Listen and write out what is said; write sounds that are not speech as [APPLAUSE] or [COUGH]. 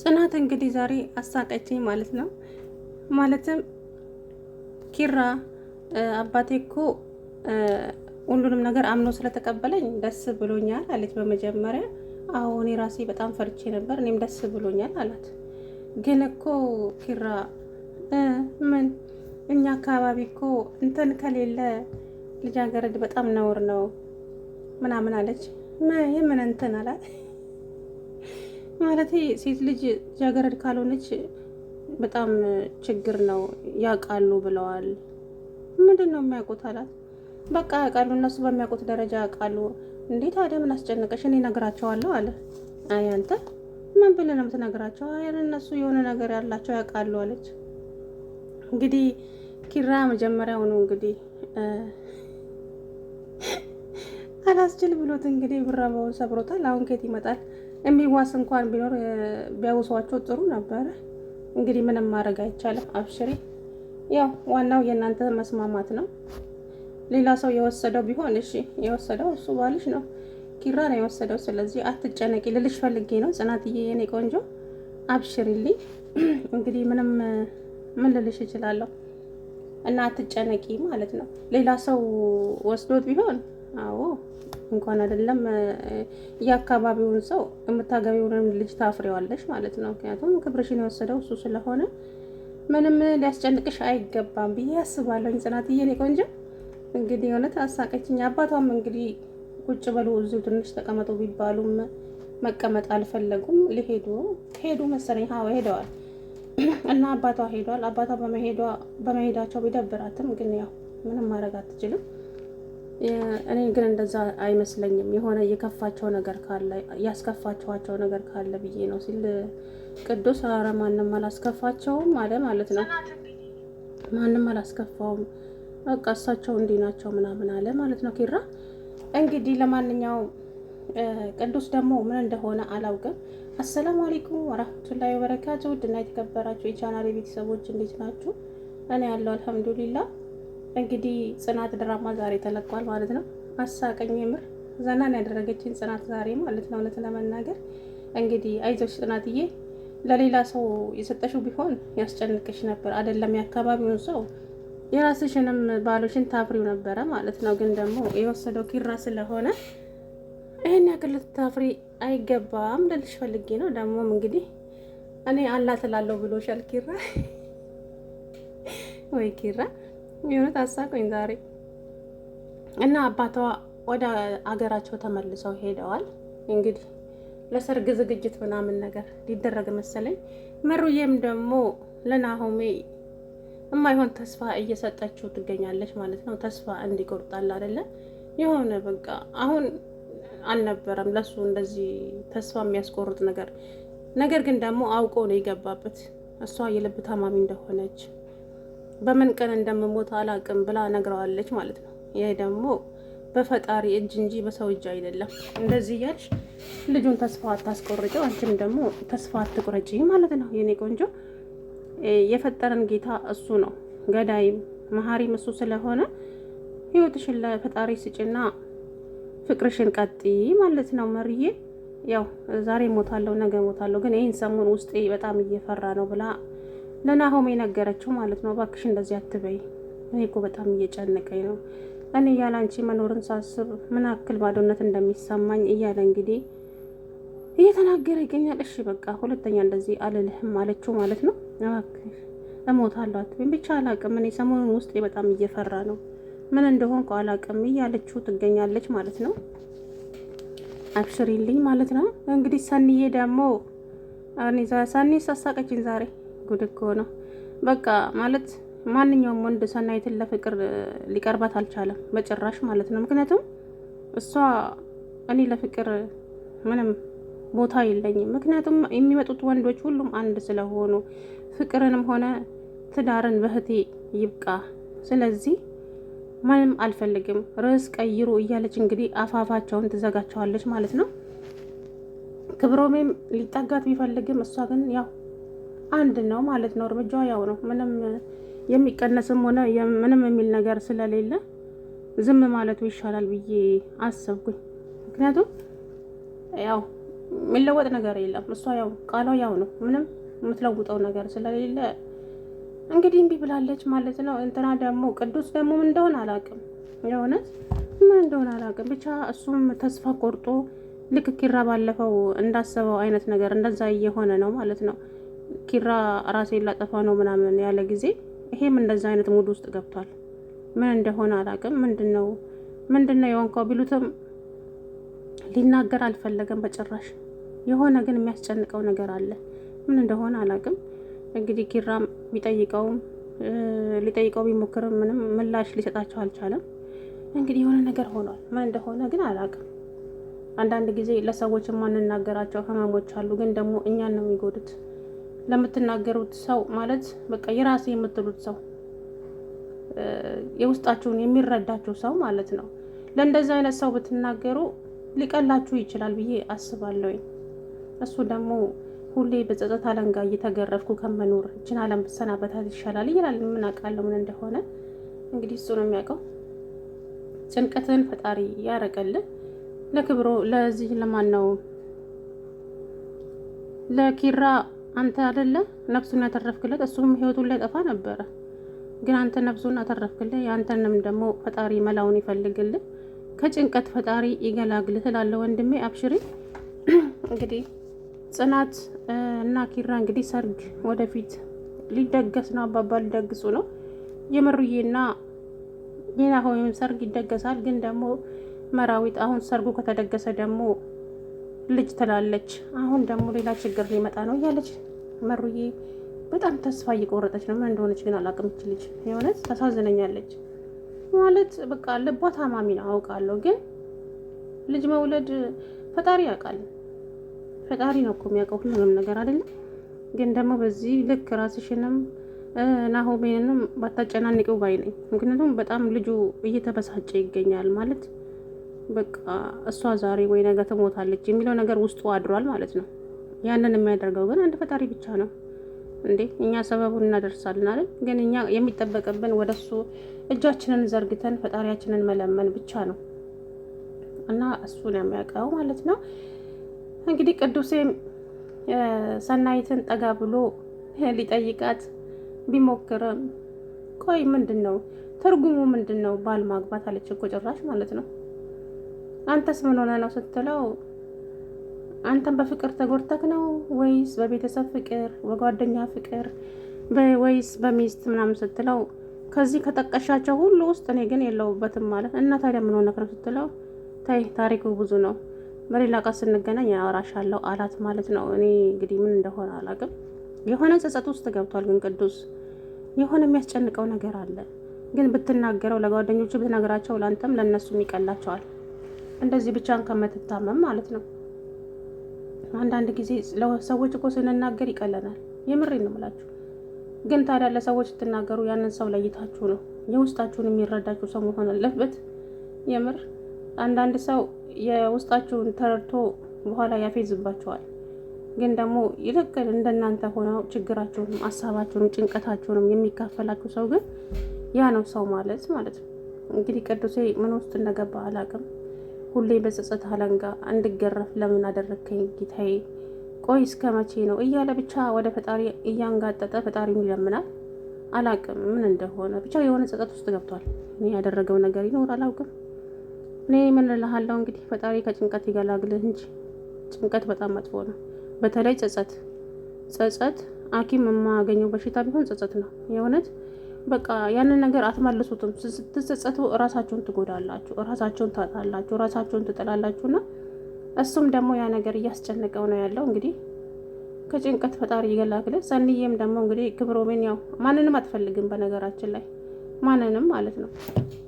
ጽናት እንግዲህ ዛሬ አሳቀችኝ ማለት ነው። ማለትም ኪራ አባቴ እኮ ሁሉንም ነገር አምኖ ስለተቀበለኝ ደስ ብሎኛል አለች። በመጀመሪያ አዎ እኔ ራሴ በጣም ፈርቼ ነበር፣ እኔም ደስ ብሎኛል አላት። ግን እኮ ኪራ ምን እኛ አካባቢ እኮ እንትን ከሌለ ልጃገረድ በጣም ነውር ነው ምናምን አለች። የምን እንትን አላት ማለት ሴት ልጅ ጃገረድ ካልሆነች በጣም ችግር ነው ያውቃሉ ብለዋል። ምንድን ነው የሚያውቁት አላት። በቃ ያውቃሉ፣ እነሱ በሚያውቁት ደረጃ ያውቃሉ። እንዴት ታዲያ ምን አስጨነቀሽ? እኔ እነግራቸዋለሁ አለ። አይ አንተ ምን ብለህ ነው የምትነግራቸው? አይ እነሱ የሆነ ነገር ያላቸው ያውቃሉ አለች። እንግዲህ ኪራ መጀመሪያውኑ እንግዲህ አላስችል ብሎት እንግዲህ ብረመውን ሰብሮታል። አሁን ከየት ይመጣል? የሚዋስ እንኳን ቢኖር ቢያውሷቸው ጥሩ ነበረ። እንግዲህ ምንም ማድረግ አይቻልም። አብሽሬ ያው ዋናው የእናንተ መስማማት ነው። ሌላ ሰው የወሰደው ቢሆን እሺ፣ የወሰደው እሱ ባልሽ ነው፣ ኪራ ነው የወሰደው። ስለዚህ አትጨነቂ ልልሽ ፈልጌ ነው ጽናትዬ፣ የኔ ቆንጆ አብሽሪልኝ። [CLEARS THROAT] እንግዲህ ምንም ምን ልልሽ እችላለሁ እና አትጨነቂ ማለት ነው። ሌላ ሰው ወስዶት ቢሆን አዎ እንኳን አይደለም የአካባቢውን ሰው የምታገቢውንም ልጅ ታፍሬዋለሽ ማለት ነው። ምክንያቱም ክብርሽን የወሰደው እሱ ስለሆነ ምንም ሊያስጨንቅሽ አይገባም ብዬ አስባለሁኝ። ጽናትዬ እኔ ቆንጆ እንግዲህ የእውነት አሳቀችኝ። አባቷም እንግዲህ ቁጭ በሉ እዚሁ ትንሽ ተቀመጡ ቢባሉም መቀመጥ አልፈለጉም። ሊሄዱ ሄዱ መሰለኝ። አዎ ሄደዋል። እና አባቷ ሄዷል። አባቷ በመሄዷ በመሄዳቸው ቢደብራትም ግን ያው ምንም ማድረግ አትችልም። እኔ ግን እንደዛ አይመስለኝም። የሆነ የከፋቸው ነገር ካለ ያስከፋችኋቸው ነገር ካለ ብዬ ነው ሲል ቅዱስ ኧረ ማንም አላስከፋቸውም አለ ማለት ነው። ማንም አላስከፋውም፣ በቃ እሳቸው እንዲህ ናቸው ምናምን አለ ማለት ነው። ኪራ እንግዲህ ለማንኛውም ቅዱስ ደግሞ ምን እንደሆነ አላውቅም። አሰላሙ አለይኩም ወራህመቱላሂ ወበረካቱ። ውድና የተከበራችሁ የቻናል ቤተሰቦች እንዴት ናችሁ? እኔ ያለው አልሐምዱሊላህ እንግዲህ ጽናት ድራማ ዛሬ ተለቋል ማለት ነው። አሳቀኝ የምር ዘናን ያደረገችን ጽናት ዛሬ ማለት ነው። እውነት ለመናገር እንግዲህ አይዞሽ ጽናትዬ፣ ለሌላ ሰው የሰጠሽው ቢሆን ያስጨንቅሽ ነበር አይደለም? የአካባቢውን ሰው የራስሽንም ባሎሽን ታፍሪው ነበረ ማለት ነው። ግን ደግሞ የወሰደው ኪራ ስለሆነ ይህን ያክል ታፍሪ አይገባም ልልሽ ፈልጌ ነው። ደግሞም እንግዲህ እኔ አላትላለሁ ብሎሻል ኪራ ወይ ኪራ የሆነት አሳቀኝ ዛሬ እና አባቷ ወደ አገራቸው ተመልሰው ሄደዋል። እንግዲህ ለሰርግ ዝግጅት ምናምን ነገር ሊደረግ መሰለኝ። መሩዬም ደግሞ ለናሆሜ የማይሆን ተስፋ እየሰጠችው ትገኛለች ማለት ነው። ተስፋ እንዲቆርጣል አይደለ የሆነ በቃ አሁን አልነበረም ለሱ እንደዚህ ተስፋ የሚያስቆርጥ ነገር። ነገር ግን ደግሞ አውቆ ነው የገባበት እሷ የልብ ታማሚ እንደሆነች በምን ቀን እንደምሞት አላቅም ብላ ነግረዋለች ማለት ነው። ይሄ ደግሞ በፈጣሪ እጅ እንጂ በሰው እጅ አይደለም። እንደዚህ እያልሽ ልጁን ተስፋ አታስቆርጭው፣ አንቺም ደግሞ ተስፋ አትቁረጭ ማለት ነው። የኔ ቆንጆ የፈጠረን ጌታ እሱ ነው። ገዳይም መሀሪም እሱ ስለሆነ ህይወትሽን ለፈጣሪ ስጭና ፍቅርሽን ቀጥይ ማለት ነው። መርዬ ያው ዛሬ ሞታለሁ ነገ ሞታለሁ፣ ግን ይህን ሰሞን ውስጤ በጣም እየፈራ ነው ብላ ለናሆም የነገረችው ማለት ነው። እባክሽ እንደዚህ አትበይ፣ እኔ እኮ በጣም እየጨነቀኝ ነው። እኔ እያለ አንቺ መኖርን ሳስብ ምን አክል ባዶነት እንደሚሰማኝ እያለ እንግዲህ እየተናገረ ይገኛል። እሺ በቃ ሁለተኛ እንደዚህ አልልህም አለችው ማለት ነው። እባክሽ እሞታለሁ አትበይም፣ ብቻ አላቅም። እኔ ሰሞኑን ውስጤ በጣም እየፈራ ነው፣ ምን እንደሆንኩ አላቅም እያለችው ትገኛለች ማለት ነው። አብሽሪልኝ ማለት ነው እንግዲህ ሰኒዬ ደግሞ ሰኒ ሳሳቀችኝ ዛሬ ጉድ እኮ ነው። በቃ ማለት ማንኛውም ወንድ ሰናይትን ለፍቅር ሊቀርባት አልቻለም በጭራሽ ማለት ነው። ምክንያቱም እሷ እኔ ለፍቅር ምንም ቦታ የለኝም፣ ምክንያቱም የሚመጡት ወንዶች ሁሉም አንድ ስለሆኑ ፍቅርንም ሆነ ትዳርን በህቴ ይብቃ፣ ስለዚህ ማንም አልፈልግም፣ ርዕስ ቀይሩ እያለች እንግዲህ አፋፋቸውን ትዘጋቸዋለች ማለት ነው። ክብሮሜም ሊጠጋት ቢፈልግም እሷ ግን ያው አንድ ነው ማለት ነው። እርምጃዋ ያው ነው። ምንም የሚቀነስም ሆነ ምንም የሚል ነገር ስለሌለ ዝም ማለቱ ይሻላል ብዬ አሰብኩኝ። ምክንያቱም ያው የሚለወጥ ነገር የለም። እሷ ያው ቃሏ ያው ነው። ምንም የምትለውጠው ነገር ስለሌለ እንግዲህ እምቢ ብላለች ማለት ነው። እንትና ደግሞ ቅዱስ ደግሞ ምን እንደሆነ አላውቅም፣ የእውነት ምን እንደሆነ አላውቅም። ብቻ እሱም ተስፋ ቆርጦ ልክ ኪራ ባለፈው እንዳሰበው አይነት ነገር እንደዛ እየሆነ ነው ማለት ነው። ኪራ ራሴ ላጠፋ ነው ምናምን ያለ ጊዜ ይሄም እንደዛ አይነት ሙድ ውስጥ ገብቷል። ምን እንደሆነ አላውቅም። ምንድን ነው ምንድን ነው የሆንከው ቢሉትም ሊናገር አልፈለገም በጭራሽ። የሆነ ግን የሚያስጨንቀው ነገር አለ። ምን እንደሆነ አላውቅም። እንግዲህ ኪራም ቢጠይቀውም ሊጠይቀው ቢሞክርም ምንም ምላሽ ሊሰጣቸው አልቻለም። እንግዲህ የሆነ ነገር ሆኗል። ምን እንደሆነ ግን አላውቅም። አንዳንድ ጊዜ ለሰዎች የማንናገራቸው ህመሞች አሉ፣ ግን ደግሞ እኛን ነው የሚጎዱት። ለምትናገሩት ሰው ማለት በቃ የራሴ የምትሉት ሰው የውስጣችሁን የሚረዳችሁ ሰው ማለት ነው። ለእንደዚህ አይነት ሰው ብትናገሩ ሊቀላችሁ ይችላል ብዬ አስባለሁኝ። እሱ ደግሞ ሁሌ በጸጸት አለንጋ እየተገረፍኩ ከመኖር እችን ዓለም ብሰናበታት ይሻላል ይላል። ምን አውቃለሁ ምን እንደሆነ እንግዲህ እሱ ነው የሚያውቀው። ጭንቀትን ፈጣሪ ያረቀልን ለክብሮ ለዚህ ለማን ነው ለኪራ አንተ አደለ ነፍሱን ያተረፍክለት፣ እሱም ህይወቱን ላይ ጠፋ ነበረ። ግን አንተ ነፍሱን አተረፍክልህ። የአንተንም ደግሞ ፈጣሪ መላውን ይፈልግልን፣ ከጭንቀት ፈጣሪ ይገላግል ትላለ ወንድሜ። አብሽሪ። [CLEARS THROAT] እንግዲህ ጽናት እና ኪራ እንግዲህ ሰርግ ወደፊት ሊደገስ ነው። አባባ ሊደግሱ ነው። የምሩዬና ሌላ ሆይም ሰርግ ይደገሳል። ግን ደግሞ መራዊት አሁን ሰርጉ ከተደገሰ ደግሞ ልጅ ትላለች። አሁን ደግሞ ሌላ ችግር ሊመጣ ነው እያለች መሩዬ በጣም ተስፋ እየቆረጠች ነው። ምን እንደሆነች ግን አላውቅም። ይች ልጅ የእውነት ታሳዝነኛለች። ማለት በቃ ልቧ ታማሚ ነው አውቃለሁ፣ ግን ልጅ መውለድ ፈጣሪ ያውቃል። ፈጣሪ ነው እኮ የሚያውቀው ሁሉንም ነገር አይደለም። ግን ደግሞ በዚህ ልክ ራስሽንም ናሆሜንም ባታጨናንቂው ባይ ነኝ። ምክንያቱም በጣም ልጁ እየተበሳጨ ይገኛል ማለት በቃ እሷ ዛሬ ወይ ነገ ትሞታለች የሚለው ነገር ውስጡ አድሯል ማለት ነው። ያንን የሚያደርገው ግን አንድ ፈጣሪ ብቻ ነው። እንዴ እኛ ሰበቡን እናደርሳለን አይደል? ግን እኛ የሚጠበቅብን ወደ እሱ እጃችንን ዘርግተን ፈጣሪያችንን መለመን ብቻ ነው እና እሱን የሚያውቀው ማለት ነው። እንግዲህ ቅዱሴም ሰናይትን ጠጋ ብሎ ሊጠይቃት ቢሞክርም ቆይ ምንድን ነው ትርጉሙ ምንድን ነው ባል ማግባት አለች እኮ ጭራሽ ማለት ነው። አንተስ ምን ሆነ ነው ስትለው አንተም በፍቅር ተጎድተክ ነው ወይስ በቤተሰብ ፍቅር፣ በጓደኛ ፍቅር ወይስ በሚስት ምናምን ስትለው ከዚህ ከጠቀሻቸው ሁሉ ውስጥ እኔ ግን የለውበትም ማለት እና ታዲያ ምን ሆነክ ነው ስትለው ታይ ታሪኩ ብዙ ነው በሌላ ቀን ስንገናኝ አወራሻለሁ አላት ማለት ነው። እኔ እንግዲህ ምን እንደሆነ አላውቅም። የሆነ ጸጸት ውስጥ ገብቷል። ግን ቅዱስ የሆነ የሚያስጨንቀው ነገር አለ። ግን ብትናገረው ለጓደኞቹ ብትነግራቸው ለአንተም ለእነሱም ይቀላቸዋል። እንደዚህ ብቻን ከምትታመም ማለት ነው። አንዳንድ ጊዜ ለሰዎች እኮ ስንናገር ይቀለናል። የምሬ ነው ምላችሁ። ግን ታዲያ ለሰዎች ስትናገሩ ያንን ሰው ለይታችሁ ነው። የውስጣችሁን የሚረዳችሁ ሰው መሆን አለበት። የምር አንዳንድ ሰው የውስጣችሁን ተረድቶ በኋላ ያፌዝባችኋል። ግን ደግሞ ይልቅ እንደናንተ ሆነው ችግራችሁንም፣ ሀሳባችሁንም፣ ጭንቀታችሁንም የሚካፈላችሁ ሰው ግን ያ ነው ሰው ማለት ማለት ነው። እንግዲህ ቅዱሴ ምን ውስጥ እንደገባ አላውቅም። ሁሌ በጸጸት አለንጋ እንድገረፍ ለምን አደረግከኝ ጌታዬ? ቆይ እስከ መቼ ነው እያለ ብቻ ወደ ፈጣሪ እያንጋጠጠ ፈጣሪውን ይለምናል። አላቅም ምን እንደሆነ ብቻ የሆነ ጸጸት ውስጥ ገብቷል። እኔ ያደረገው ነገር ይኖር አላውቅም። እኔ ምን እልሃለሁ እንግዲህ ፈጣሪ ከጭንቀት ይገላግልህ እንጂ ጭንቀት በጣም መጥፎ ነው። በተለይ ጸጸት ጸጸት ሐኪም የማገኘው በሽታ ቢሆን ጸጸት ነው የእውነት በቃ ያንን ነገር አትመልሱትም። ስትጸጸቱ እራሳችሁን ትጎዳላችሁ፣ እራሳችሁን ታጣላችሁ፣ እራሳችሁን ትጥላላችሁ። እና እሱም ደግሞ ያ ነገር እያስጨነቀው ነው ያለው። እንግዲህ ከጭንቀት ፈጣሪ ይገላግለ። ሰንዬም ደግሞ እንግዲህ ክብሮሜን ያው ማንንም አትፈልግም፣ በነገራችን ላይ ማንንም ማለት ነው